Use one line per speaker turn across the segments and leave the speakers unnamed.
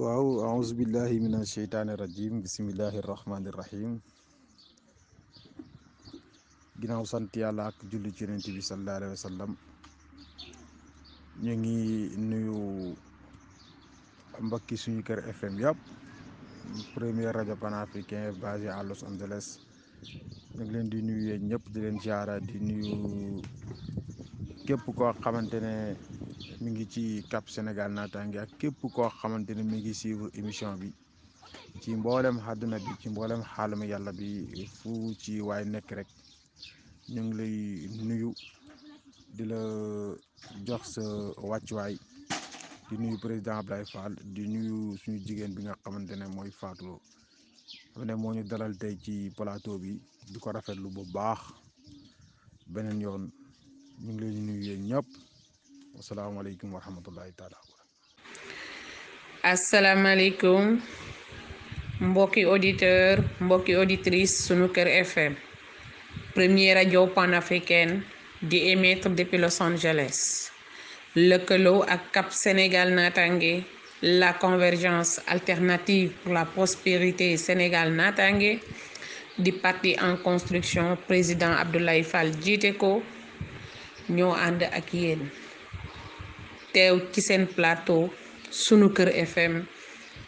waaw aouzu billahi min asheytaani rajim bisimillahi rahmaani rahim ginnaaw sant yàlla ak julli ci yonent bi sallallahu alayhi ñu ngi nuyu mbokki suñu kër fm yëpp premier rajo panafricain basé à Los Angeles ñu ngi leen di nuyu yéen ñëpp di leen ziara di nuyu képp koo xamante ne mi ngi ci Cap Sénégal naataange ak képp koo xamante ne mi ngi suivre émission bi ci mboolem àdduna bi ci mboolem xaalama yàlla bi fu ci waay nekk rek ñu ngi lay nuyu di la jox sa wàccuwaay di nuyu président Ablaye Fall di nuyu suñu jigéen bi nga xamante ne mooy Fatou Lo xam ne moo ñu dalal tey ci plateau bi di ko rafetlu bu baax beneen yoon ñu ngi lay nuyu yéen ñëpp. alaikum wa rahmatullahi taala
alaikum. mbokki auditeur Mboki auditrice Sunuker FM première radio panafricaine di émettre depuis Los Angeles Le Colo à Cap Sénégal Natangé. la convergence alternative pour la prospérité Sénégal Natangé. Du parti en construction président Abdoulaye Fall jiteko ko Akien. teew ci seen plateau sunu kër FM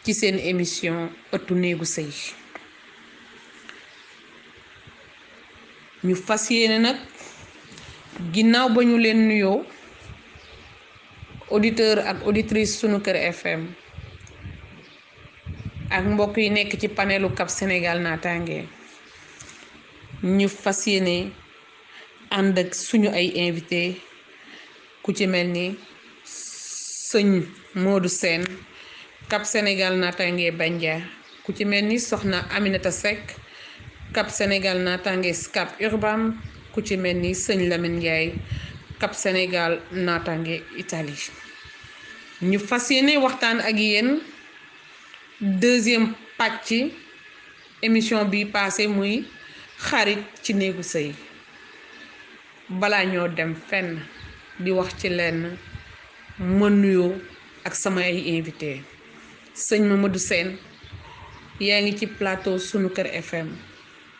ci seen émission ëttu néegu sëy ñu fas yéene nag ginnaaw ba ñu leen nuyoo auditeur ak auditrice sunu kër FM ak mbokk yi nekk ci panelu Cap Sénégal naataange ñu fas yéene ànd ak suñu ay invité ku ci mel ni sëñ Modou Sène Cap Sénégal naataange Bandia ku ci mel ni soxna Aminata Seck Cap Sénégal naataange Scat Urbam ku ci mel ni sëñ Lamine Ndiaye Cap Sénégal naataange Italie ñu fas yéene waxtaan ak yéen deuxième ci émission bi paase muy xarit ci néegu sëy balaa ñoo dem fenn di wax ci lenn ma nuyoo ak sama ay invité sëñ Mamadou Sène yaa ngi ci plateau suñu kër FM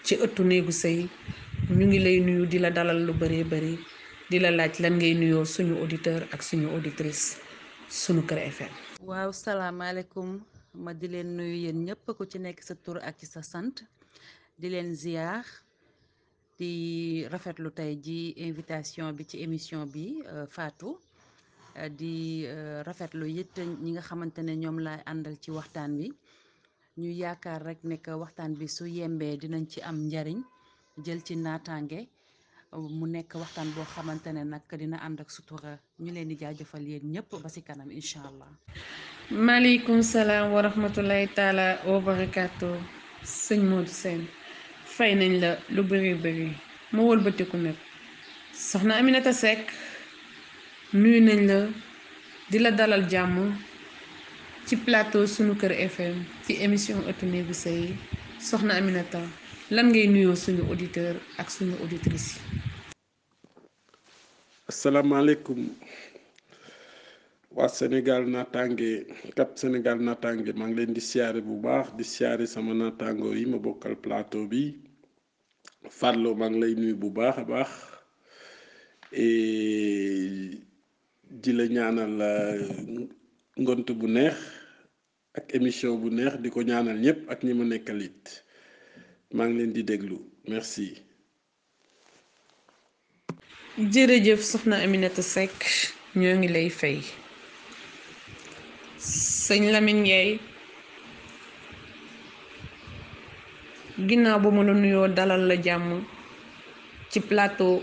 ci ëttu néegu sey ñu ngi lay nuyu di la dalal lu bëree bëri di la laaj lan ngay nuyoo suñu auditeur ak suñu auditrice sunu kër FM.
waaw salaamaaleykum ma di leen nuyu yéen ñëpp ko ci nekk sa tour ak ci sa sant di leen ziar. di rafetlu tey ji invitation bi ci émission bi euh, Fatou di euh, rafetlu it ñi nga xamante ne ñoom laay àndal ci waxtaan bi ñu yaakaar rek ne waxtaan bi su yembee dinañ ci am njariñ jël ci naataange mu nekk waxtaan boo xamante ne nag dina ànd ak sutura ñu leen di jaajëfal yéen ñëpp ba ci kanam incha allah.
maaleykum salaam wa rahmatulahi taala sëñ Modou Sène fay nañ la lu bëri bëri ma wëlbatiku nag soxna Aminata Seck. nuyu nañ la di la dalal jàmm ci plateau sunu kër FM ci émission ëttu néegu sëy soxna Aminata lan ngay nuyoo suñu auditeur ak suñu auditrice yi.
asalaamaaleykum waa Sénégal naataange cap Sénégal naataange maa ngi leen di siyaare bu baax di siyaare sama naataangoo yi ma bokkal plateau bi Fallou maa lay nuyu bu baax a baax. di la ñaanal euh, bu neex ak émission bu neex di ko ñaanal ñëpp ak ñi ma nekkal maa ngi leen di déglu merci.
jërëjëf soxna Aminata Seck ñoo ngi lay fay sëñ Lamine Ndiaye ginnaaw bu ma la nuyoo dalal la jàmm ci plateau.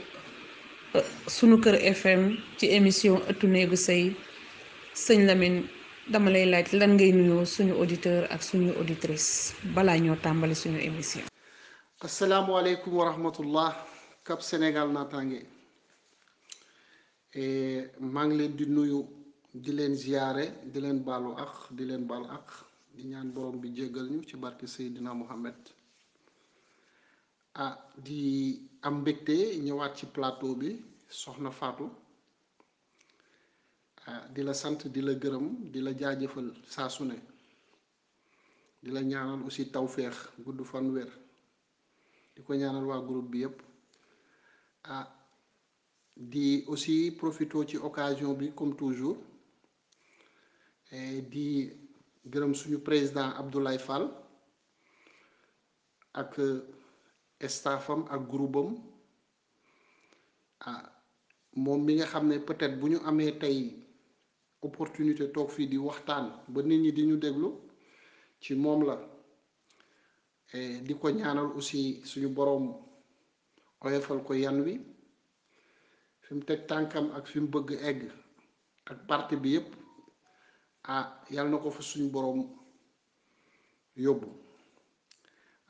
suñu kër fm ci émission ëttu néegu sëy sëñ Lamine dama lay laaj lan ngay nuyoo suñu auditeur ak suñu auditrice balaa ñoo tàmbali suñu émission
asalaamualeykum wa rahmatullah Cap Sénégal naataange eh, maa ngi leen di nuyu di leen ziyaare di leen baalu ak di leen baalu ak di ñaan borom bi jéggal ñu ci barke Seydina Muhammad ah di am mbégte ñëwaat ci plateau bi soxna Fatou ah, di la sant di la gërëm di la jaajëfal saa su di la ñaanal aussi tawféex gudd fan wér di ko ñaanal waa groupe bi yépp ah di aussi profito ci occasion bi comme toujours eh, di gërëm suñu président Abdoulaye Fall ak. staffam ak groupam ah moom mi nga xam ne peut-être bu ñu amee tey opportunité toog fii di waxtaan ba nit ñi di ñu déglu ci moom la di ko ñaanal aussi suñu boroom oyofal ko yan wi fi teg tànkam ak fi mu bëgg egg ak parti bi yépp ah yàlla na ko fa suñu boroom yóbbu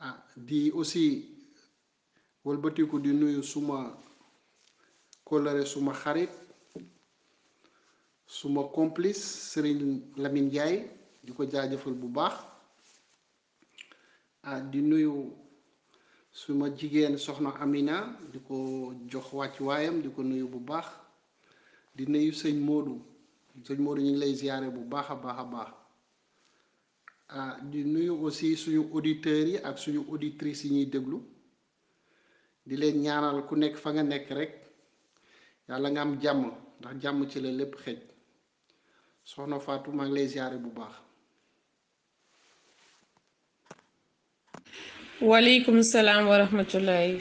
ah, di aussi walbatiku di nuyu suma kóllëre suma xarit suma complice Sëriñ Lamin Njaay di ko jaajëfal bu baax ah di nuyu suma jigéen soxna Amina di ko jox wàcc waayam di ko nuyu bu baax di nuyu sëñ Moodu sëñ Moodu ñu lay ziyaare bu baax a baax a baax ah di nuyu aussi suñu auditeurs yi ak suñu auditrices yi ñuy déglu di leen ñaanal ku nekk fa nga nekk rek yàlla nga am jàmm ndax jàmm ci la lépp xëj soxna Fatou maa bu baax.
waaleykum salaam wa rahmatulahi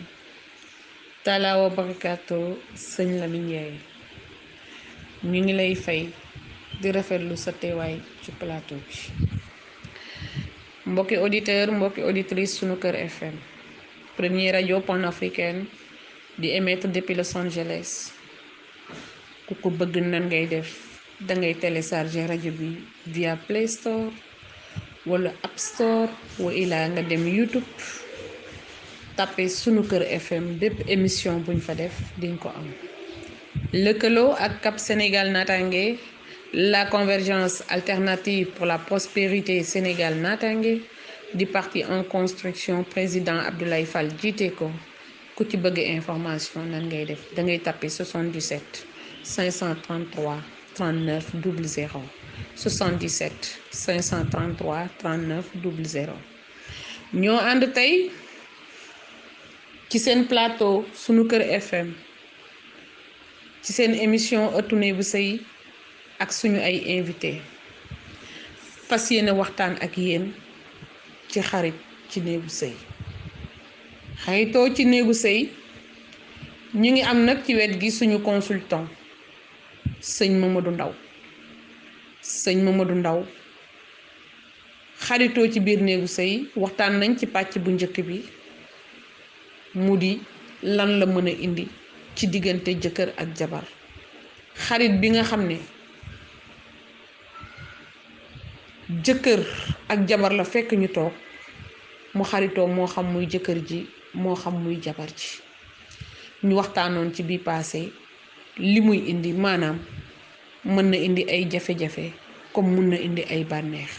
taala wa barakaatu sëñ Lamine ñu ngi lay fay di rafetlu sa teewaay ci plateau bi. mbokki auditeur mbokki auditrice sunu kër FM. première radio panafricaine di émettre depuis Los Angeles ku ko bëgg nan ngay def dangay télécharger rajo bi via Play Store wala App Store wa ilaa nga dem YouTube tapé sunu kër FM bépp émission buñ fa def diñ ko am lëkkaloo ak Cap Sénégal naataange la convergence alternative pour la prospérité Sénégal naataange du parti en construction président Abdoulaye Fall jiite information nan 77 533 39 00 77 533 39 00 ñoo en un plateau sur notre FM ci une émission ëttu bu sey ak suñu ay invité ci xarit ci néegu sëy xaritoo ci néegu sëy ñu ngi am nag ci wet gi suñu consultant sëñ Mamadou Ndaw sëñ Mamadou Ndaw xaritoo ci biir néegu sëy waxtaan nañ ci pàcc bu njëkk bi mu di lan la mën a indi ci diggante jëkkër ak jabar xarit bi nga xam ne jëkkër ak jabar la fekk ñu toog mu xaritoo moo xam muy jëkkër ji moo xam muy jabar ji ñu waxtaanoon ci bii paase li muy indi maanaam mën na indi ay jafe-jafe comme mën na indi ay bànneex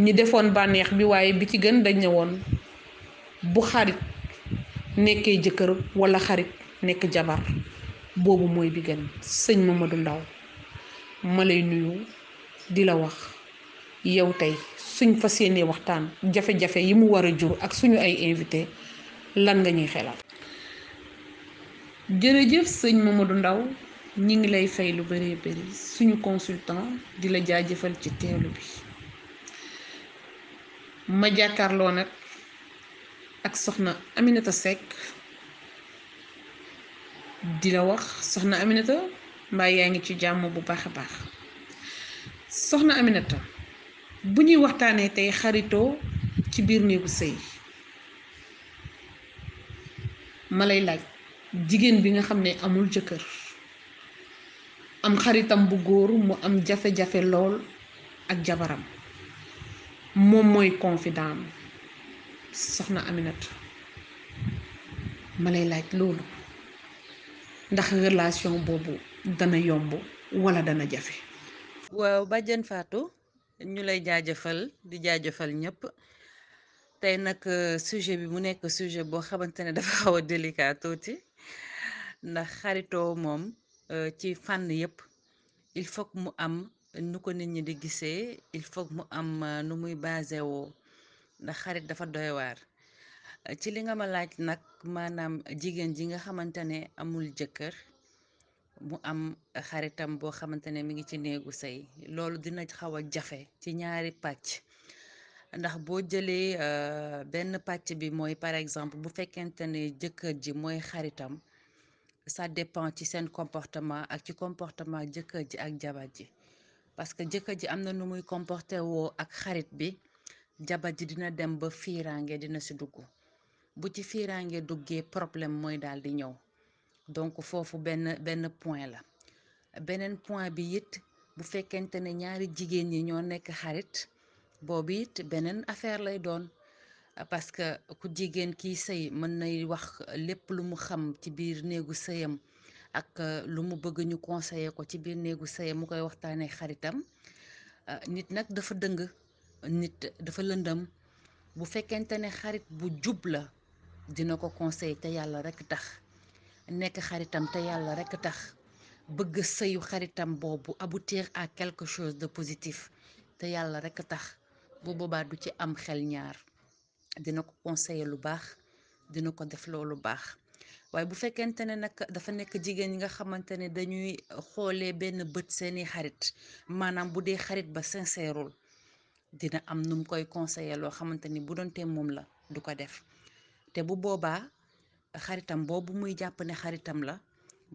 ñi defoon bànneex bi waaye bi ci gën dañ ne woon bu xarit nekkee jëkkër walla xarit nekk jabar boobu mooy bi gën sëñ Mamadou Ndaw ma lay nuyu di la wax yow tey suñ fas yéenee waxtaan jafe-jafe yi mu war a jur ak suñu ay invité lan nga ñuy xelaat jërëjëf sëñ Mamadou Ndaw ñi ngi lay fay lu bëree bëri suñu consultant di la jaa jaajëfal ci teewlu bi ma jàkkaarloo nag ak soxna Aminata Seck di la wax soxna Aminata mbaa yaa ngi ci jàmm bu baax a baax soxna Aminata. bu ñuy waxtaanee tey xaritoo ci biir néegu sëy ma lay laaj jigéen bi nga xam ne amul jëkkër am xaritam bu góor mu am jafe-jafe lool ak jabaram moom mooy confident soxna Aminata ma lay laaj loolu ndax relation boobu dana yomb walla dana jafe
waaw bàjjen Fatou ñu lay jaajëfal di jaajëfal ñëpp tey nag euh, sujet bi mu nekk sujet boo xamante ne dafa xaw a délicat tuuti ndax xaritoo moom euh, ci fànn yëpp il faut mu am nu ko nit ñi di gisee il faut mu am euh, nu muy basé woo ndax xarit dafa doy waar ci li nga ma laaj nag maanaam jigéen ji nga xamante ne amul jëkkër mu am xaritam boo xamante ne mi ngi ci néegu sëy loolu dina xaw a jafe ci ñaari pàcc ndax boo jëlee euh, benn pàcc bi mooy par exemple bu fekkente ne jëkkër ji mooy xaritam ça dépend ci seen comportement ak ci comportement jëkkër ji ak jabar ji parce que jëkkër ji am na nu muy comporté woo ak xarit bi jabar ji dina dem ba fiiraange dina si dugg bu ci fiiraange duggee problème mooy daal di ñëw donc foofu benn benn point la beneen point bi it bu fekkente ne ñaari jigéen ñi ñoo nekk xarit boobu it beneen affaire lay doon parce que ku jigéen kiy sëy mën nay wax lépp lu mu xam ci biir néegu sëyam ak euh, lu mu bëgg ñu conseiller ko ci biir néegu sëyam mu koy waxtaanee xaritam euh, nit nag dafa dëng nit dafa lëndam bu fekkente ne xarit bu jub la dina ko conseil te yàlla rekk tax nekk xaritam te yàlla rekk tax bëgg sëyu xaritam boobu aboutir ak quelque chose de positif te yàlla rekk tax bu boobaa du ci am xel ñaar dina ko conseiller lu baax dina ko def loolu baax waaye bu fekkente ne nag dafa nekk jigéen ñi nga xamante ne dañuy xoolee benn bët seeni xarit maanaam bu dee xarit ba sincèreul dina am nu mu koy conseiller loo xamante ni bu doon te moom la du ko def te bu boobaa xaritam boobu muy jàppane xaritam la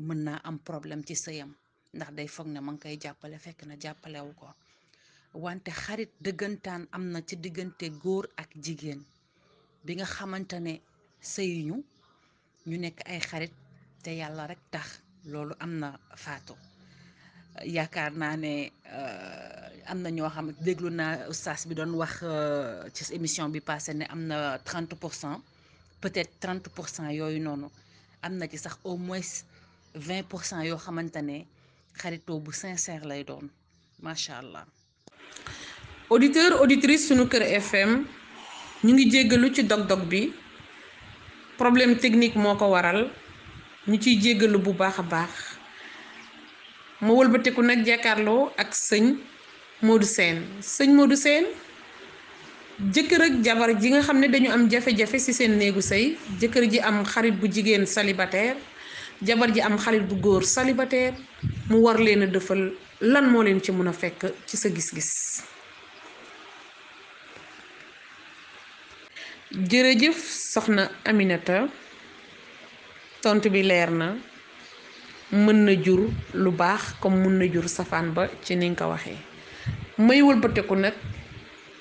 mën naa am problème ci sëyam ndax day foog ne ma ngi koy jàppale fekk na jàppalewu ko wante xarit dëggantaan am na ci diggante góor ak jigéen bi nga xamante ne sëyuñu ñu nekk ay xarit te yàlla rek tax loolu am na faatu yaakaar naa ne euh, am na ñoo xam déglu naa ustaas bi doon wax euh, ci émission bi passé ne am na 30 pour peut-être 30% pour cent amna ci sax au moins 20% yo xamantane xarito bu sincère lay doon
machallah auditeur auditrice sunu keur FM ñu ngi djéggelu ci dog-dog bi problème technique moko waral ñu ci djéggelu bu baaxa baax ma wëlbatiku nak jakarlo ak seigne Modou sen seigne Modou sen jëkkër ak jabar ji nga xamne dañu am jafé-jafé ci seen néegu sey jëkkër ji am xarit bu jigéen célibataire jabar ji am xarit bu goor célibataire mu war leen a lan moo leen ci mën a fekk ci sa gis-gis jërëjëf soxna Aminata tontu bi leer na mën na jur lu baax comme mën na jur safaan ba ci ni nga ko waxee may wëlbateku nag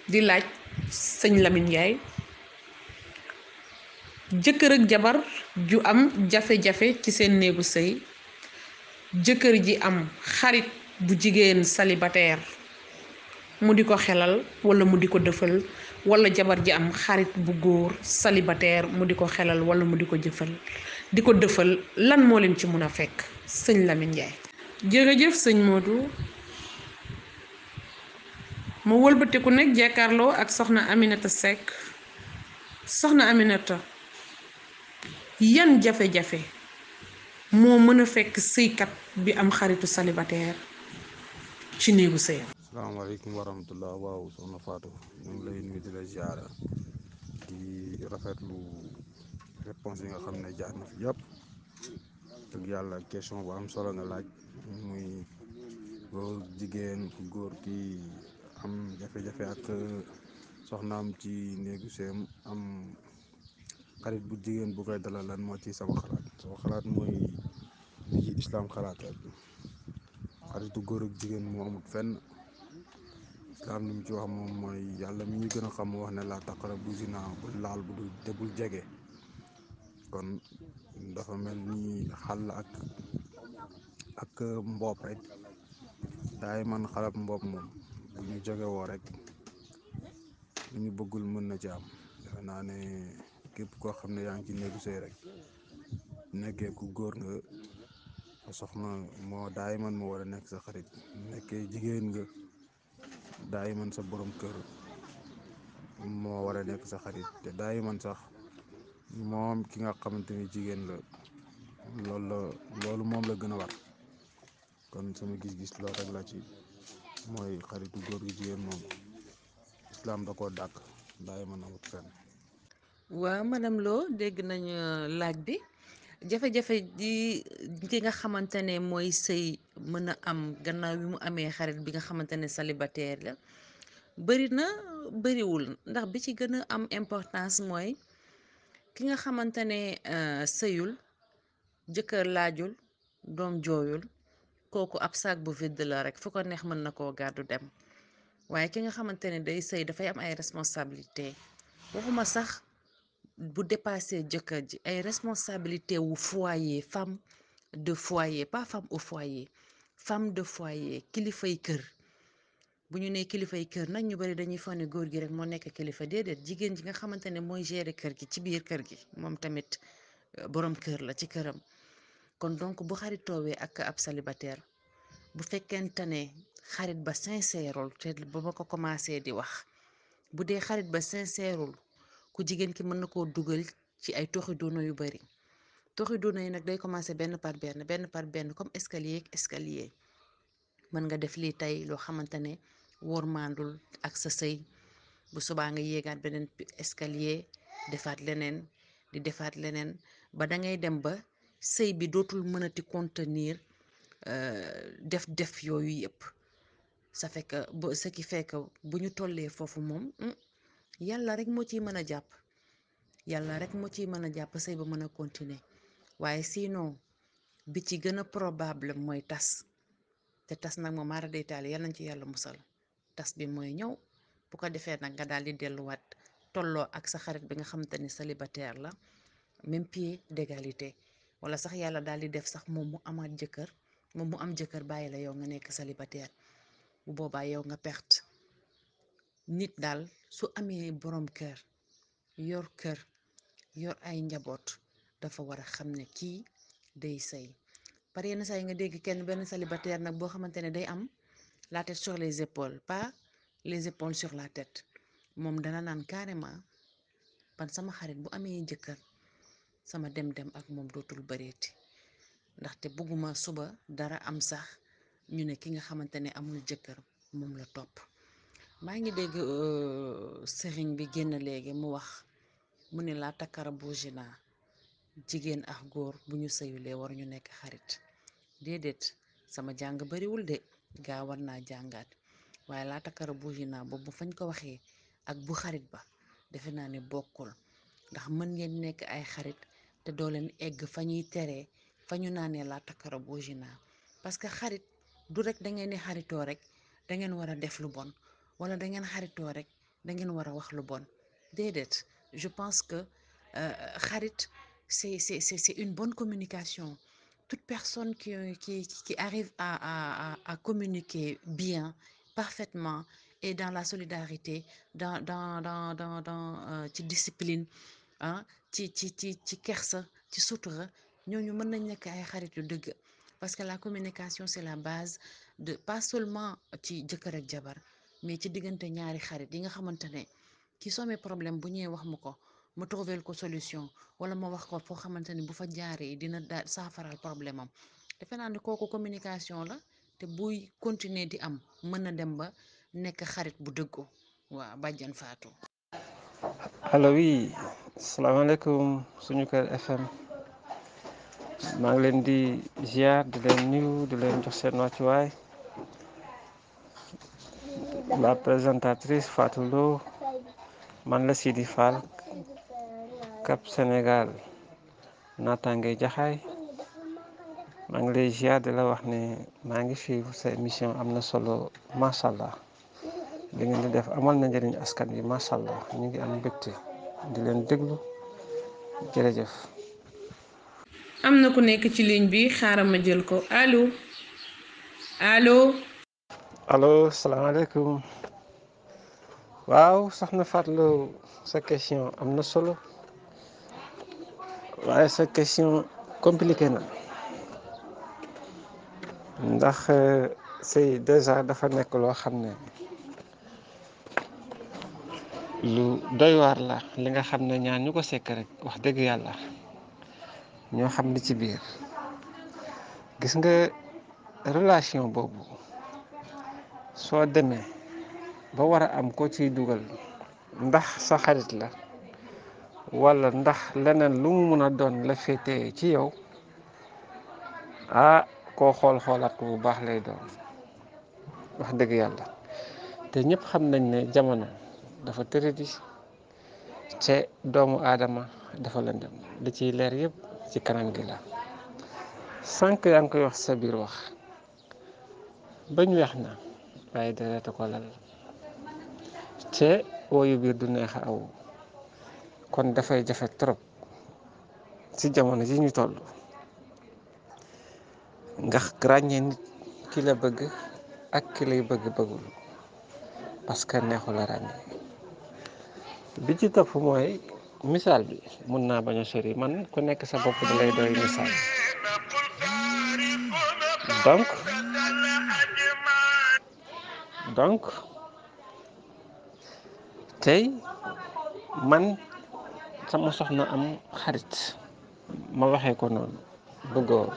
di laaj sëñ Lamine Ndiaye jëkkër ak jabar ju am jafe-jafe ci seen néegu sëy jëkkër ji am xarit bu jigéen célibataire mu di ko xelal walla mu di ko dëfal walla jabar ji am xarit bu góor salibateer mu di ko xelal walla mu di ko jëfal di ko dëfal lan moo leen ci mun a fekk sëñ Lamine Ndiaye jërëjëf sëñ Modou mu wëlbatiku nag jekkaarloo ak soxna Aminata Seck soxna Aminata yan jafe-jafe moo mën a fekk sëykat bi am xaritu célibataire ci néegu sëyam
asalaamaaleykum wa waaw soxna Fatou ñu ngi lay nuyu di la ziara di rafetlu réponse yi nga xam ne jaar na fi yëpp yàlla question bu am solo nga laaj muy góor jigéen góor kii am jafe-jafe ak euh, soxnaam ci néegu seem am xarit bu jigéen bu koy dalal lan moo ci sama xalaat sama xalaat mooy li islaam xalaat rek xaritu góor ak jigéen moo amut fenn islaam li mu ci wax moom mooy yàlla mi ñu gën a xam wax ne laa taqrabu zina bu laal bu du te bul jege kon dafa mel ni xàll ak ak mboob rek daay man xalab mboob moom bu ñu woo rek lu ñu bëggul mën na ci am defe naa ne képp koo xam ne yaa ngi ci néegu sëy rek nekkee ku góor nga soxna moo daay man moo war a nekk sa xarit nekkee jigéen nga daay man sa borom kër moo war nekk sa xarit te daay man sax moom ki nga xamante ni jigéen la loolu loolu moom la gën a war kon sama gis-gis loolu rek la ci mooy xaritu góor gi jigéen moom islam da koo dàkk ndaay mën a wut fenn
waaw madame Lo dégg nañu euh, laaj bi jafe-jafe ji ki nga xamante ne mooy sëy mën a am gannaaw bi mu amee xarit bi nga xamante ne célibataire la bëri na bëriwul ndax bi ci gën a am importance mooy ki nga xamante ne euh, sëyul jëkkër laajul doom jooyul kooku ab sac bu vide la rek fu ko neex mën na koo gàddu dem waaye ki nga xamante ne day sëy dafay am ay responsabilité waxuma sax bu dépassé jëkkër ji ay responsabilité wu foyer femme de foyer pas femme au foyer femme de foyer kilifay kër bu ñu nee kilifay kër nag ñu bari dañuy fane góor gi rek moo nekk kilifa déedéet jigéen ji nga xamante ne mooy gérer kër gi ci biir kër gi moom tamit euh, borom kër la ci këram kon donc bu xaritoowee ak ab célibataire bu fekkente ne xarit ba sincèreul te ba ma ko commencé di wax bu dee xarit ba sincèreul ku jigéen ki mën na koo dugal ci ay toxi doona yu bari toxi doona yi nag day commencé benn par benn benn par benn comme escalier escalier mën nga def lii tey loo xamante ne wormaandul ak sa sëy bu subaa nga yéegaat beneen escalier defaat leneen di defaat leneen ba dangay dem ba sëy bi dootul mënati contenir euh, def def yooyu yep ça fait que ce qui fait que bu ñu tollee foofu moom hmm, rek moo ciy mën a jàpp rek moo ciy mën a jàpp sëy continuer sinon bi ci gën probable mooy tas te tas nag moom mara day taali yal ci yàlla musal tas bi mooy ñëw bu ko defee nag nga daal di delluwaat tolloo ak sa xarit bi nga célibataire la même pied d'égalité wala sax yalla dal di def sax mom mu amat jëkkër mom mu am jëkkër bàyyi la yow nga nekk célibataire bu boba yow nga perte nit dal su amé borom kër yor kër yor ay njabot dafa wara xamné ki ne kii day sëy par yenn saa nga dégg kenn ben célibataire nak bo xamante day am la tête sur les épaules pas les épaules sur la tête mom dana nan carrément pan sama xarit bu amé jëkkër sama dem-dem ak moom dootul bareeti ndaxte bëgguma suba dara am sax ñu ne ki nga xamante ne amul jëkkër moom la topp maa ngi dégg euh, sëriñ bi génn léegi mu wax mu ne laa takkara bugina jigéen ax góor bu ñu sëyulee war ñu nekk xarit déedéet sama jàng bariwul de gaa war naa jàngaat waaye laa takkara bugina boobu fañ ko waxee ak bu xarit ba defe naa ne bokkul ndax mën ngeen nekk ay xarit te doo leen egg fa ñuy teree fa ñu naanee laa takkara boojina parce que xarit du rek da ngeen di xaritoo rek da ngeen war a def lu bon wala da ngeen xaritoo rek da ngeen war a wax lu bon déedéet je pense que euh, xarit c'est c'est c'est une bonne communication toute personne qui qui qui arrive à à à communiquer bien parfaitement et dans la solidarité dans dans dans dans dans euh, ci discipline ah ci ci ci ci kersa ci sutura ñooñu mën nañ nekk ay xarit yu dëgg parce que la communication c'est la base de pas seulement ci jëkkër ak jabar mais ci diggante ñaari xarit yi nga xamante ne ki some problème bu ñëwee wax mu ko ma trouver ko solution wala ma wax ko foo xamante ne bu fa jaaree dina daal saafaral problème am defe kooku communication la te buy continuer di am mën na dem ba nekk xarit bu dëggu waa bàjjan faatu.
allo oui. asalaamaaleykum suñu kër FM maa ngi leen di ziar di leen nuyu di leen jox seen wàccuwaay la présentatrice Fatou Lo man la Sidi Fall Cap Sénégal naataange jaxaay maa ngi lay ziar di la wax ne maa ngi suivre sa émission am na solo macha allah li ngeen di def amal na njëriñ askan wi macha allah ñu ngi am mbégte. di leen déglu jërëjëf.
am na ku nekk ci ligne bi xaaral ma jël ko allo allo.
allo salaamaaleykum waaw sax na soxna Fatou sa question am na solo waaye sa question compliqué na ndax euh, sëy déjà dafa nekk loo xam ne. lu doy la li nga xam ne ñaan ñu ko sekk rek wax dëgg yàlla ñoo xam ne ci biir gis nga relation boobu soo demee ba war a am ko ciy dugal ndax sa xarit la wala ndax leneen lu mu mun a doon la féetee ci yow ah koo xool xoolaat ko bu baax lay doon wax dëgg yàlla te ñëpp xam nañ ne jamono. dafa tëradi te doomu aadama dafa lëndëm li ciy leer yëpp ci kanam gi la sànq yaa ngi koy wax sa biir wax bañ weex na waaye dereeta ko lal te wooyu biir du neex aw kon dafay jafe trop ci jamono ji ñu toll ndax ràññee nit ki la bëgg ak ki lay bëgg bëggul parce que neexu la ràññee bi ci topp mooy misaal bi mun naa bañ a sori man ku nekk sa bopp da lay doy misaal donc donc tey man sama soxna am xarit ma waxee ko noonu bu góor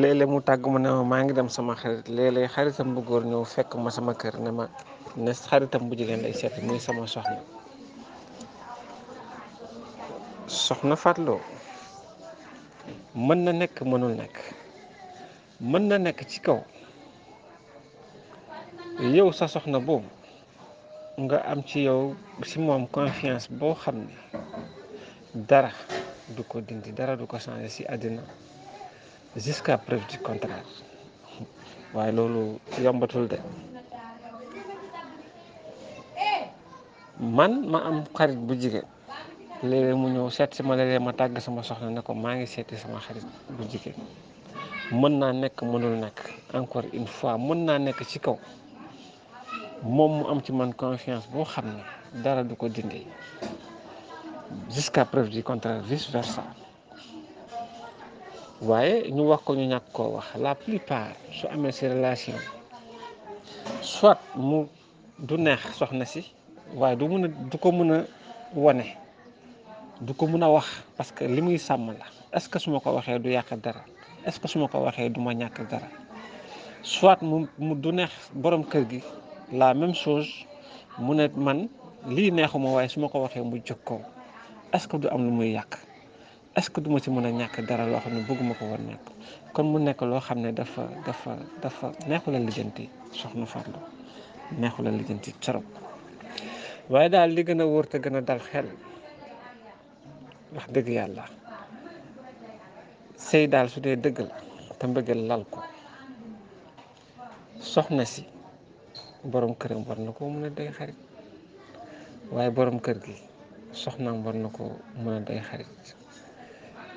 léeg-léeg mu tàgg ma ne ma maa ngi dem sama xarit léeg xaritam bu ñëw fekk ma sama kër ne ma ne xaritam bu jigéen lay seet muy sama soxna soxna Fatloo mën na nekk mënul nekk mën na nekk ci kaw yow sa soxna boobu nga am ci yow si moom confiance boo xam ne dara du ko dindi dara du ko changé si àddina jusqu'à preuve du contraire waaye loolu yombatul de man ma am xarit bu jigéen léeg mu ñëw seet si ma léeg ma tàgg sama soxna ne ko maa ngi seeti sama xarit bu jigéen mën naa nekk mënul nekk encore une fois mën naa nekk ci kaw moom mu am ci man confiance boo xam ne dara du ko dindi jusqu'à preuve du contraire vice versa waaye ñu wax ko ñu ñàkk koo wax la plupart su amee si relation soit mu du neex soxna si waaye du mën a du ko a wane du ko mën a wax parce que li muy sàmm la est ce que su ma ko waxee du yàq dara est ce que su ma ko waxee du ma ñàkk dara soit mu mu du neex borom kër gi la même chose mu ne man lii neexuma waaye su ma ko waxee mu jóg ko est ce que du am lu muy yàq est ce que du ma ci mën a dara loo xam ne bëgguma war nekk kon mu nekk loo xam dafa dafa dafa neexu la lijjanti soxna farlo, neexu la lijjanti trop. waaye daal li gën a wóor gën a dal xel wax dëgg yàlla sëy daal su dee dëgg la te mbëggeel lal ko soxna si borom këram war na ko mën a day xarit waaye borom kër gi soxnaam war na ko mën a day xarit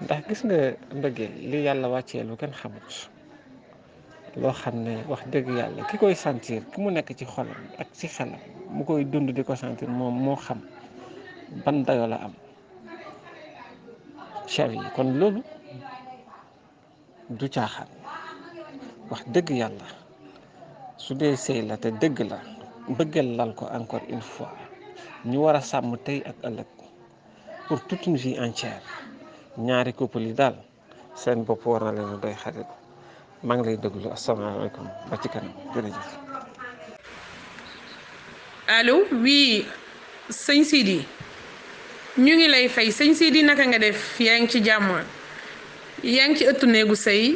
ndax gis nga mbëggeel li yàlla wàccee lu kenn xamut loo xam ne wax dëgg yàlla ki koy sentir ki mu nekk ci xolam ak ci xelam mu koy dund di ko sentir moom moo xam ban dayoo la am chef yi kon loolu du caaxaan wax dëgg yàlla su dee sëy la te dëgg la bëggal lal ko encore une fois ñu war a sàmm tey ak ëllëg pour toute une vie entière ñaari couple yi daal seen bopp war na leen doy xarit maa ngi lay déglu asalaamaaleykum ba ci kanam jërëjëf
allo wii sëñ Sidi ñu ngi lay fay sëñ Sidi naka nga def yaa ngi ci jàmm yaa ngi ci ëtt néegu sëy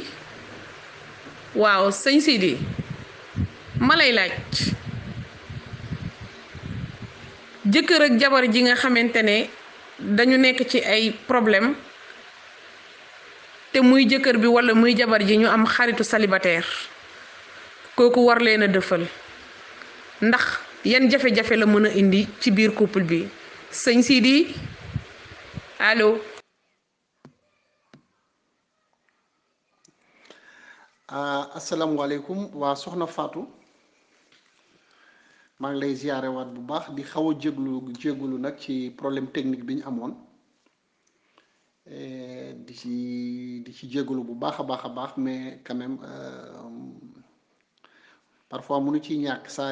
waaw sëñ Sidi ma lay laaj jëkkër ak jabar ji nga xamante ne dañu nekk ci ay problème te muy jëkkër bi walla muy jabar ji ñu am xaritu célibataire kooku war leen a dëfal ndax yan jafe-jafe la mën a indi ci biir couple bi sëñ Sidi allo. Ah,
asalaamualeykum waa soxna faatu maa ngi lay ziyaare waat bu baax di xaw a jéglu jéglu nag ci problème technique bi ñu amoon eh, di ci di ci jéglu bu baax a baax a baax mais quand même euh, parfois mënu ci ñàkk ça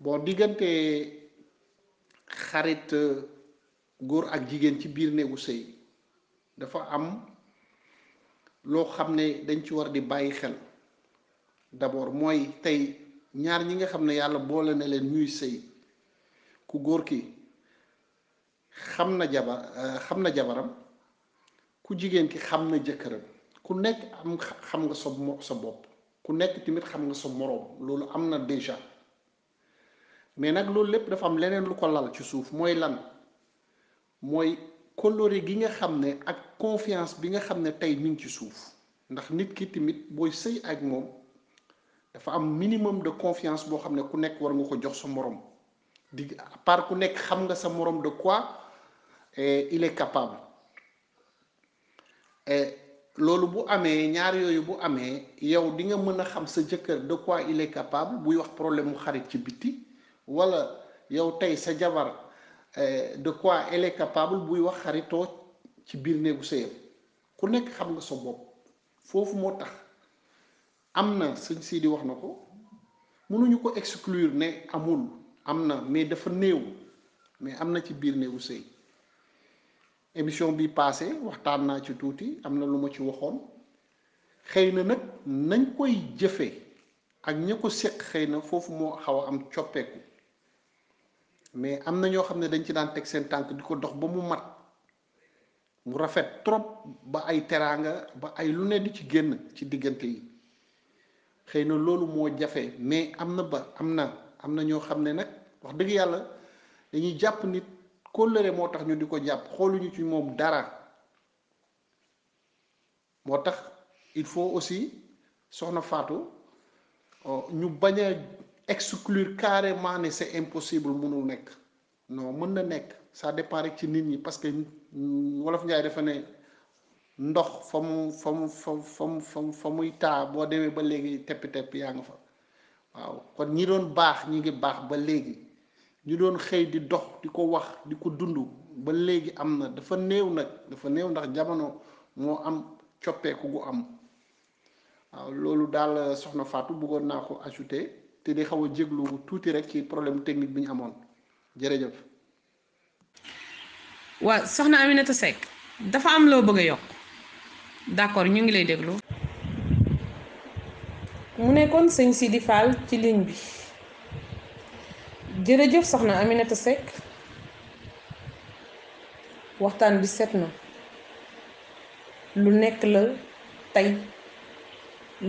boo diggantee xarit euh, góor ak jigéen ci biir néegu sëy dafa am loo xam ne dañ ci war di bàyyi xel d'abord mooy tey ñaar ñi nga xam ne yàlla boole ne leen ñuy sëy ku góor ki xam na jabar euh, xam na jabaram ku jigéen ki xam na jëkkëram ku nekk am xam nga sa sa bopp ku nekk tamit xam nga sa moroom loolu am na déjà mais nag loolu lépp dafa am leneen lu ko lal ci suuf mooy lan mooy coloré gi nga xam ne ak confiance bi nga xam ne tey mi ngi ci suuf ndax nit ki tamit booy sëy ak moom dafa am minimum de confiance boo xam ne ku nekk war nga ko jox sa morom di à ku nekk xam nga sa morom de quoi et il est capable loolu bu amee ñaar yooyu bu amee yow di nga mën a xam sa jëkkër de quoi il est capable buy wax problème mu xarit ci biti wala yow tey sa jabar eh, de quoi elle est buy wax xaritoo ci biir néegu sëyam ku nekk xam nga sa bopp foofu moo tax am na sëñ Sidi wax na ko mënuñu ko exclure ne amul am na mais dafa néew mais am na ci biir néegu sëy émission bi passé waxtaan naa ci tuuti am na lu ma ci waxoon xëy na nag nañ koy jëfe ak ña ko séq xëy na foofu moo xaw a am coppeeku mais am na ñoo xam ne dañ ci daan teg seen tànk di ko dox ba mu mat mu rafet trop ba ay teraanga ba ay lu ne di ci génn ci diggante yi xëy na loolu moo jafe mais am na ba am na am na ñoo xam ne nag wax dëgg yàlla dañuy jàpp nit kóllëre moo tax ñu di ko jàpp xooluñu ci moom dara moo tax il faut aussi soxna faatu euh, ñu bañ a exclure carrément c'est impossible mënul nek non mon nek ça dépend rek ci nit parce que wolof njaay dafa ne ndox se fam fam fam famuy ta bo ba légui ya nga fa waaw kon ñi doon baax ñi ngi baax ba légui ñu doon xey di dox diko wax diko ba légui amna dafa nak dafa ndax jamono mo am ku gu am waaw soxna Fatou bëggoon ajouter te di xaw a jéglu tuuti rek ci problème technique bi ñu amoon jërëjëf.
waaw soxna Aminata Seck dafa am loo bëgg a yokk d'accord ñu ngi lay déglu. mu nekkoon sëñ Sidi Fall ci ligne bi jërëjëf soxna Aminata Seck waxtaan bi set na lu nekk la tey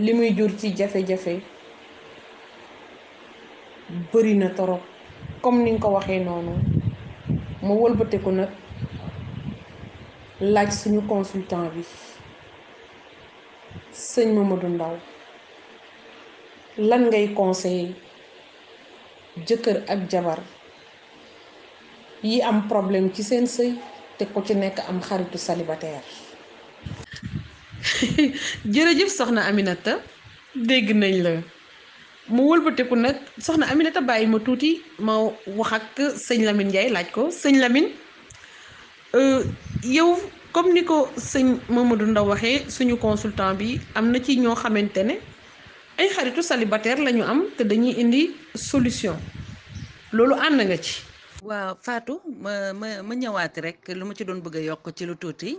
li muy jur ci jafe-jafe. bari na torop comme ni nga ko waxee noonu ma wëlbateku nag laaj suñu consultant bi sëñ Mamadou Ndaw lan ngay conseiller jëkkër ak jabar yi am problème ci seen sëy te ko ci nekk am xaritu célibataire jërëjëf soxna Aminata dégg nañ la mu wëlbateeku nag soxna Aminata bàyyi ma tuuti ma wax ak sëñ Lamine Ndiaye laaj ko sëñ Lamine euh, yow comme ni ko sëñ moom Mamadou Ndaw waxee suñu consultant bi am na ci ñoo xamante ne ay xaritu célibataire lañu am te dañuy indi solution loolu ànd nga ci.
waaw Fatou ma ma ma ñëwaat rek lu ma ci doon bëgg a yokk ci lu tuuti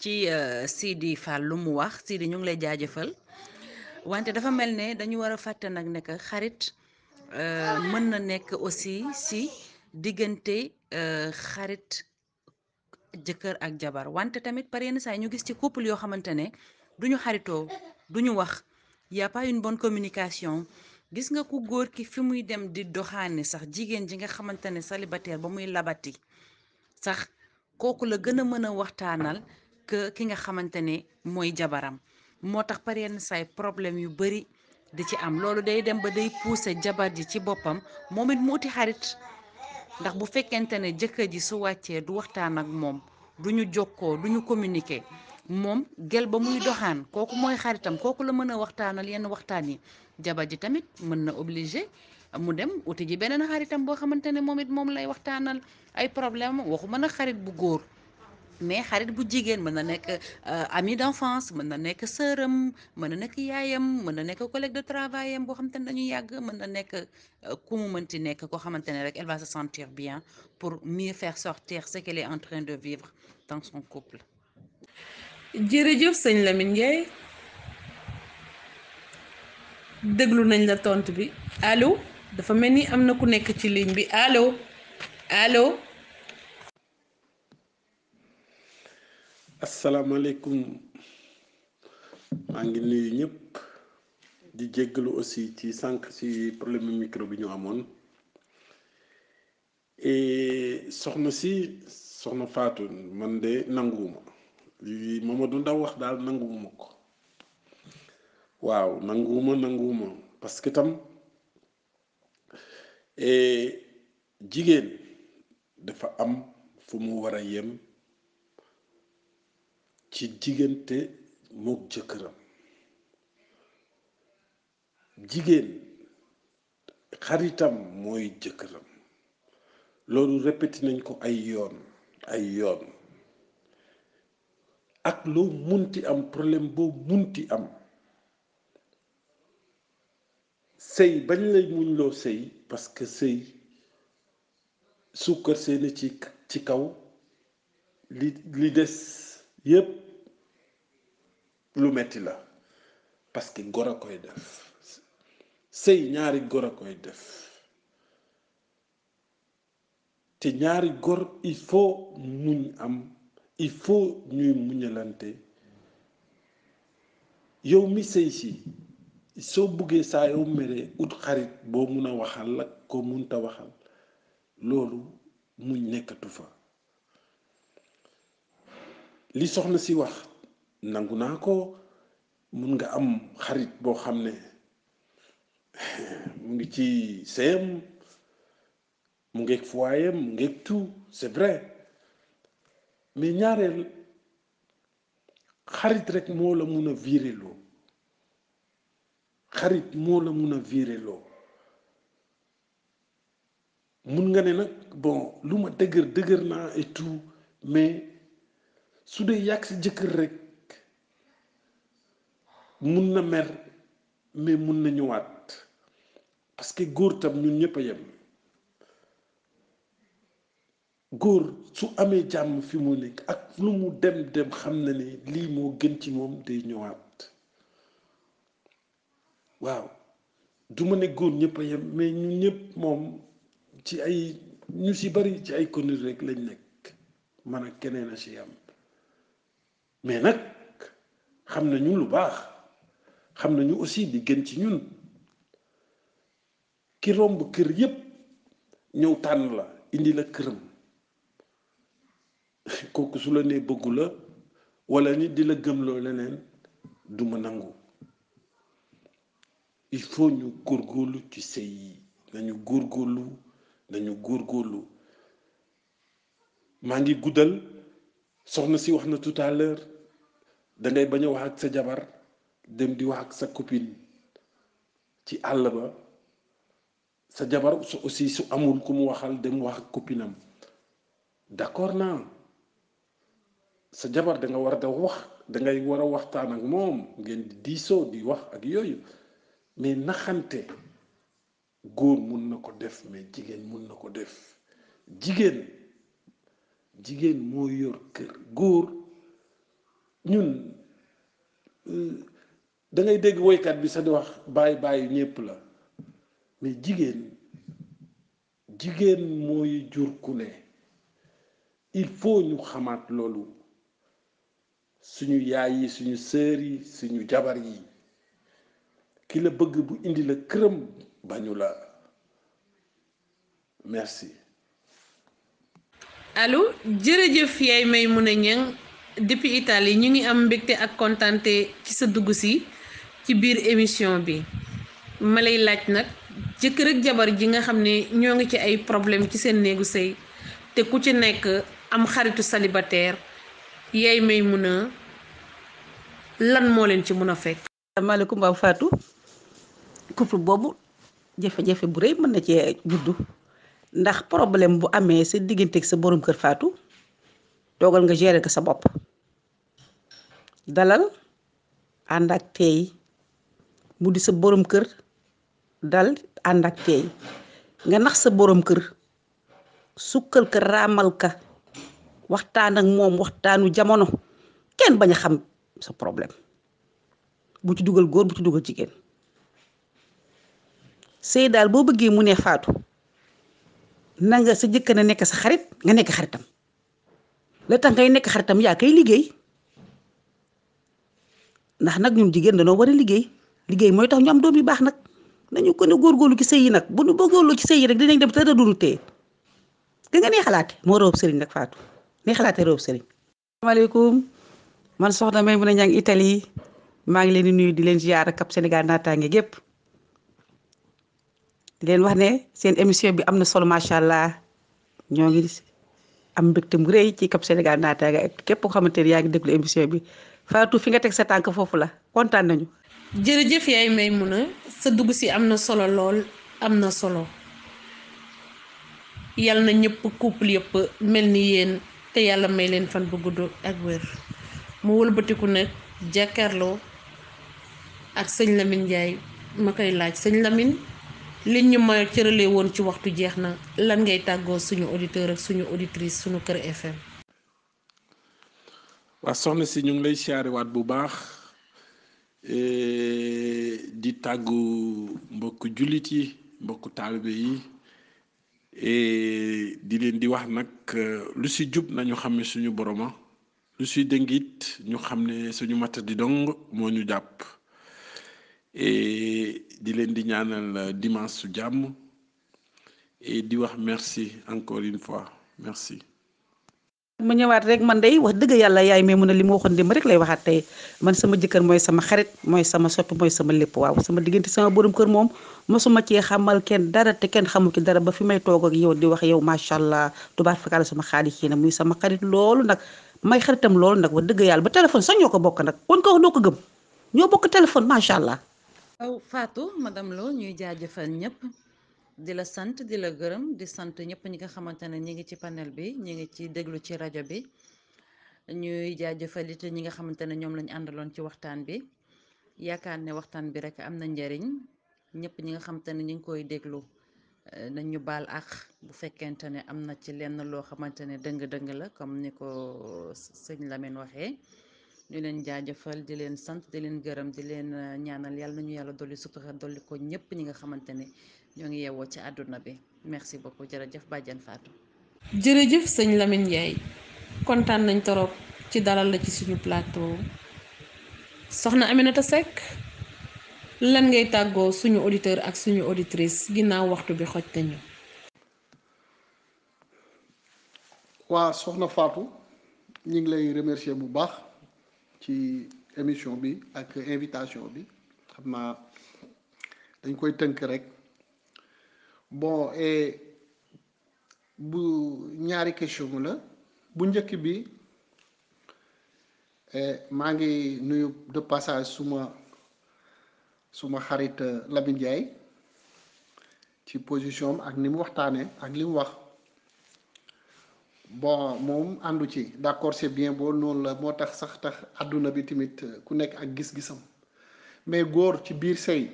ci euh, Sidi Fall lu mu wax Sidi ñoo ngi lay jaajëfal. wante dafa mel ne dañu war a fàtte nag ne que xarit euh, mën na nekk aussi si diggante euh, xarit jëkkër ak jabar wante tamit par yenn saa yi ñu gis ci couple yoo xamante ne duñu xaritoo duñu wax y a communication gis nga ku góor ki fi muy dem di doxaani sax jigéen ji nga xamante ne célibataire ba muy labati sax kooku la gën a mën a waxtaanal ki nga xamante ne mooy jabaram moo tax par yenn saay problème yu bëri di ci am loolu day dem ba day pousser jabar ji ci boppam moom it mu uti xarit ndax bu fekkente ne jëkkër ji su wàccee du waxtaan ak moom du ñu jokkoo du ñu communiquer moom gel ba muy doxaan kooku mooy xaritam kooku la mën a waxtaanal yenn waxtaan yi jabar ji tamit mën na obligé mu dem uti ji beneen xaritam boo xamante ne moom it moom lay waxtaanal ay problème mën a xarit bu góor mais xarit bu jigéen mën na nekk euh, ami d'enfance mën na nekk sëram mën na nekk yaayam mën na nekk collègue de travail am boo xamante ne dañu yàgg mën na nekk euh, ku mu mënti nekk koo xamante ne rek elle va se sentir bien pour mieux faire sortir ce qu'elle
est en train de vivre dans son couple. jërëjëf sëñ Lamine ngay déglu nañ la tont bi allo dafa mel ni am na ku nekk ci ligne bi allo allo.
asalaamaaleykum maa ngi nuyu ñëpp di jéggalu aussi ci sànq ci problème micro bi ñu amoon soxna si soxna Fatou man de nanguwuma li Mamadou Ndaw wax daal nanguwuma ko waaw nanguwuma nanguwuma parce que tam eh, jigéen dafa am fu mu war a yem. ci diggante mook jëkkëram jigéen xaritam mooy jëkkëram loolu répété nañ ko ay yoon ay yoon ak loo munti am problème boo munti am sëy bañ lay muñ loo sëy parce que sëy sukkër seen ci ci kaw li li des yépp lu metti la parce que gor a koy def sëy ñaari gor a koy def te ñaari gor il faut muñ am il faut ñuy muñalante yow mi sëy si soo buggee saa yow meree ut xarit boo mun a waxal ak ko munta waxal loolu muñ nekkatu fa li soxna si wax nangu naa ko nga am xarit boo xam ne mu ngi ci sëyam mu ngeeg foyam mu ngeeg tout c'est vrai mais ñaareel xarit rek moo la mun a viriloo xarit moo la mun a viriloo mun nga ne bon lu ma dëgër dëgër naa et tout mais su dee yàgg sa jëkkër rek mun na mer mais mun na ñëwaat parce que góor tam ñun ñëpp a yem góor su amee jàmm fi mu nekk ak lu mu dem dem xam na ni lii moo gën ci moom day ñëwaat waaw du ma ne góor ñëpp a yem mais ñun ñëpp moom ci ay ñu si bari ci ay conneries rek lañ nekk man ak keneen a si am mais nag xam na ñu lu baax. xam nañu aussi di gën ci ñun ki romb kër yépp ñëw tànn la indi la këram kooku su la nee bëggu walla nit di la gëmloo leneen du ma nangu il faut ñu góorgóorlu ci sëy yi nañu góorgóorlu nañu góorlu maa ngi guddal soxna si wax na tout à l'heure da wax ak sa jabar dem di wax ak sa copine ci àll ba sa jabar su aussi su amul ku mu waxal dem wax ak copine am d'accord na sa jabar da nga war da wax da ngay war a waxtaan ak moom ngeen di diisoo di wax ak yooyu mais naxante góor mun na ko def mais jigéen mun na ko def jigéen jigéen moo yor kër góor ñun euh, da ngay dégg woykat bi sa di wax baay bàyyi ñépp la mais jigéen jigéen mooy jur ku ne il faut ñu xamaat loolu suñu yaay yi suñu sœur suñu jabar yi ki la bëgg bu indi la këram bañu la merci.
allo jërëjëf yaay Maimouna Niang depuis yi ñu ngi am mbégte ak kontaante ci sa dugg si. ci biir émission bi ma lay laaj nag jëkkër ak jabar ji nga xam ne ñoo ngi ci ay problème ci seen néegu sëy te ku ci nekk am xaritu célibataire yaay may mun a lan moo leen ci mun a fekk asalaamaaleykum Mame faatu couple boobu jafe-jafe bu rëy
mën na cee juddu ndax problème bu amee sa diggante ak sa borom kër Fatou toogal nga gérer ko sa bopp dalal ànd ak teey mu di sa boroom kër dal ànd ak teey nga nax sa boroom kër sukkal ka raamal ka waxtaan ak moom waxtaanu jamono kenn bañ a xam sa problème bu ci dugal góor bu ci dugal jigéen sëy daal boo bëggee mu ne faatu nanga sa jëkkër ne nekk sa xarit nga nekk xaritam la tax ngay nekk xaritam yaa koy liggéey ndax nag ñun jigéen danoo war a liggéey liggéey mooy tax ñu am baax nag nañu ko ne góorgóorlu ci sëy yi nag bu ñu góorgóorlu ci sëy yi rek dinañ dem te dadu tee da nga nee xalaate moo roob sëriñ nag faatu nee xalaate roob man soxna May mu ne ñang Italie maa ngi leen di nuyu di leen ziar Cap Sénégal naataange gépp di leen wax ne seen émission bi am na solo macha allah ñoo ngi am mbégte mu rëy ci Cap Sénégal naataange ak képp koo xamante ne yaa ngi déglu émission bi Fatou fi nga teg sa tànk foofu la
kontaan nañu. jërëjëf yaay Maymuna sa dugg si am na solo lool am na solo yal na ñëpp couple yëpp mel ni yéen te yàlla may leen fan bu gudd ak wér mu wëlbatiku nag jàkkaarlo ak sëñ Lamine Ndiaye ma koy laaj sëñ Lamine liñ ñu ma cëralee woon ci waxtu jeex na lan ngay tàggoo suñu auditeur ak suñu auditrice suñu Kër FM.
waa soxna si ñu ngi lay siyaare bu baax. E, di tàggu mbokk jullit yi mbokku taalibe yi e, di leen di wax nag e, lu si jub nañu xam ne suñu boroma lu si dëng ñu xam ne suñu mat di dong moo ñu jàpp di leen di ñaanal dimanche su jàmm di wax merci encore une fois merci
ma ñëwaat rek man day wax dëgg yàlla yaay may mun a li ma waxoon démb rek lay waxaat tey man sama jëkkër mooy sama xarit mooy sama soppi mooy sama lépp waaw sama diggante sama borom kër moom ba fi may toog ak yow di wax yow macha allah tubaab muy sama xarit loolu nag may xaritam loolu nag wax dëgg yàlla ba téléphone sax ñoo ko bokk nag kon ko wax doo ko gëm ñoo bokk téléphone macha allah.
di la sant di la gërëm di sant ñëpp ñi nga xamante ne ñi ngi ci panel bi ñi ngi ci déglu ci rajo bi ñuy jaajëfal it ñi nga xamante ne ñoom lañu àndaloon ci waxtaan bi yaakaar ne waxtaan bi rek am na njariñ ñëpp ñi nga xamante ne ñu ngi koy déglu eh, nañu baal àq bu fekkente ne am na ci lenn loo xamante ne dëng-dëng la comme ni ko sëñ Lamine waxee ñu leen jaajëfal di leen sant di leen gërëm di leen eh, ñaanal yàlla nañu yàlla dolli sutura dolli ko ñëpp ñi nga xamante ne ñoo ngi ci àdduna bi merci beaucoup jërëjëf bàjjan Fatou.
jërëjëf sëñ Lamine Ndiaye kontaan nañ torop ci dalal la ci suñu plateau soxna Aminata Seck lan ngay tàggoo suñu auditeur ak suñu auditrice ginnaaw waxtu bi xoj nañu.
waa soxna Fatou ñu ngi lay remercier bu baax ci émission bi ak invitation bi xam naa dañ koy tënk rek. bon bu ñaari question la bu njëkk bi maa ngi nuyu de passage suma suma xarit euh, Lamine ci position ak ni mu waxtaanee ak li wax bon moom àndu ci d'accord c'est bien boo noonu la moo tax sax tax àdduna bi tamit euh, ku nekk ak gis-gisam mais góor ci biir sëy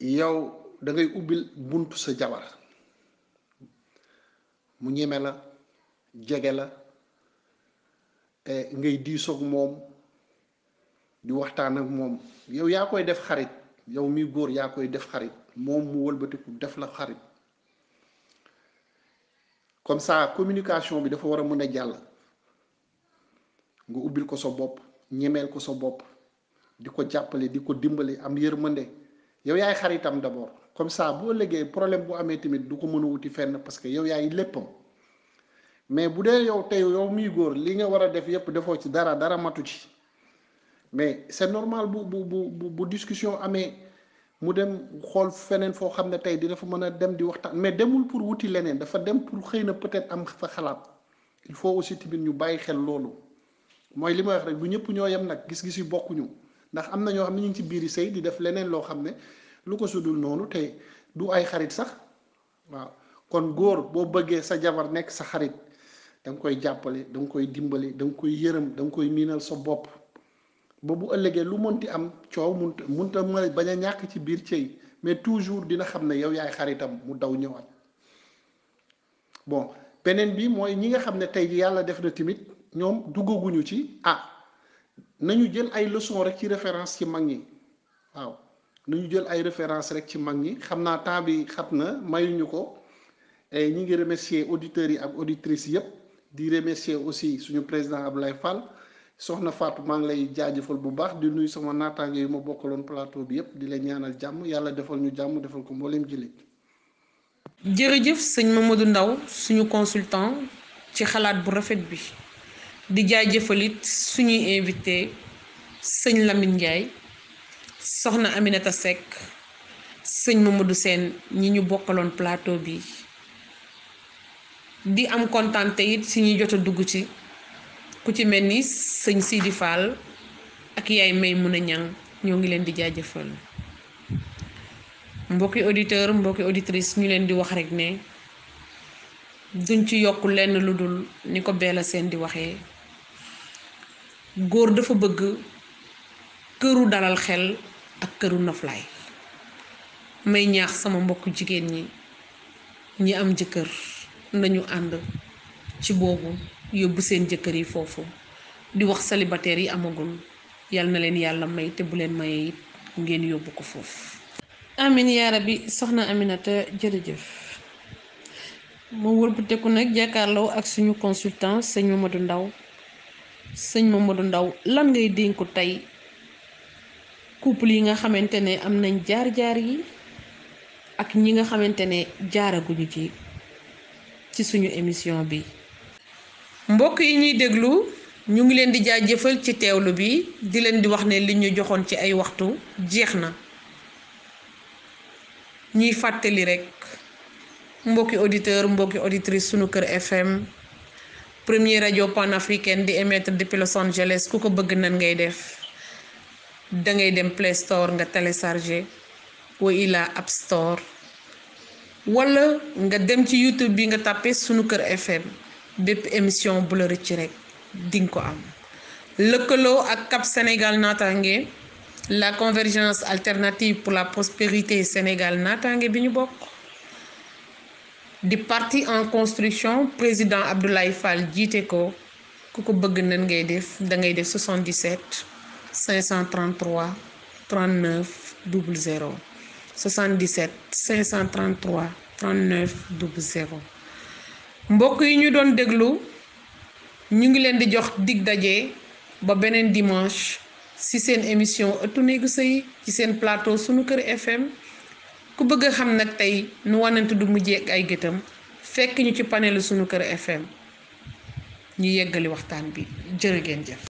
yow dangay ubbil bunt sa jabar mu ñeme la jege la e ngay diisoog moom di waxtaan ak moom yow yaa koy def xarit yow mi góor yaa koy def xarit moom mu walbatiku def la xarit comme saa communication bi dafa war a mën a jàll nga ubbil ko sa bopp ñemeel ko sa bopp di ko jàppale di ko dimbale am yër mënde yow yaay xaritam d'abord comme sa boo liggéey problème bu amee tamit du ko mën a wuti fenn parce que yow yaay léppam mais bu dee yow tey yow muy góor li nga war a def yépp defoo ci dara dara matu ci mais c'est normal bu bu bu bu discussion amee mu dem xool feneen foo xam ne tey dina fa mën a dem di waxtaan mais demul pour wuti leneen dafa dem pour xëy na peut-être am fa xalaat il faut aussi tamit ñu bàyyi xel loolu mooy li ma wax rek du ñëpp ñoo yem nag gis-gis yu bokkuñu. ndax am na ñoo xam ne ñu ngi ci biir sëy di def leneen loo xam ne lu ko sudul noonu tey du ay xarit sax waaw kon góor boo bëggee sa jabar nekk sa xarit danga koy jàppale danga koy dimbali da nga koy yërëm danga koy miinal sa bopp ba bu ëllëgee lu mënti am coow mun munta mën bañ a ñàkk ci biir cëy mais toujours dina xam ne yow yaay xaritam mu daw ñëwaat bon beneen bi mooy ñi nga xam ne tey yàlla def na tamit ñoom duggaguñu ci ah nañu jël ay leçons rek ci référence ci mag ñi waaw nañu jël ay référence rek ci mag ñi xam naa temps bi xat na mayuñu ko ñi ngi remercier auditeurs yi ak auditrices yëpp di remercier aussi suñu président ab Abdoulaye Fall soxna Fatou maa ngi lay jaajëfal bu baax di nuyu sama naataange yu ma bokkaloon plateau bi yëpp di leen ñaanal jàmm yàlla defal ñu jàmm defal ko mbooleem jëlee.
jërëjëf sëñ Mamadou Ndaw suñu consultant ci xalaat bu rafet bi. di jaajëfal it suñuy invité sëñ Lamine Ndiaye soxna Aminata sek sëñ Mamadou Sène ñi ñu bokkaloon plateau bi di am kontante it si ñuy jot a dugg ci ku ci mel ni sëñ Sidi Fall ak yaay may mun a ñang ñoo ngi leen di jaajëfal mbokki auditeur mbokki auditrice ñu leen di wax rek ne duñ ci yokk lenn lu dul ni ko beela seen di waxee góor dafa bëgg këru dalal xel ak këru noflaay may ñaax sama mbokk jigéen ñi ñi am jëkkër nañu ànd ci boobu yóbbu seen jëkkër yi foofu di wax célibataire yi amagul yal na leen yàlla may te bu leen mayee it ngeen yóbbu ko foofu amin ya rabbi soxna Aminata jërëjëf ma wëlbateku nag jàkkaarloo ak suñu consultant sëñ Mamadou Ndao sëñ Mamadou Ndaw lan ngay dénku tey couple yi nga xamante ne am nañ jaar-jaar yi ak ñi nga xamante ne jaaraguñu ci ci suñu émission bi mbokk yi ñuy déglu ñu ngi leen di jaajëfal ci teewlu bi di leen di wax ne li ñu joxoon ci ay waxtu jeex na ñuy fàttali rekk mbokki auditeur mbokki auditrice sunu kër FM premier radio panafricaine di émettre depuis Los Angeles ku ko bëgg nan ngay def da ngay dem Play Store nga télécharger wa ila App Store wala nga dem ci YouTube bi nga sunu FM bépp émission bu la rëcc rek ding ko am lëkkaloo ak Cap Sénégal Natangé la convergence alternative pour la prospérité Sénégal Natangé bi ñu di parti en construction président Abdoulaye Fall jiite que vous voulez bëgg nan ngay def da 77 533 39 00 77 533 39 00 mbokk yi ñu doon déglu ñu ngi di jox dig dajé ba benen dimanche ci une émission ëttu néegu sëy ci sen plateau sunu kër FM. ku bëgg a xam nag tey nu wanant du mujjee ak ay gëtam fekk ñu ci panelu sunu kër FM ñu yeggali waxtaan bi jër ngeen jëf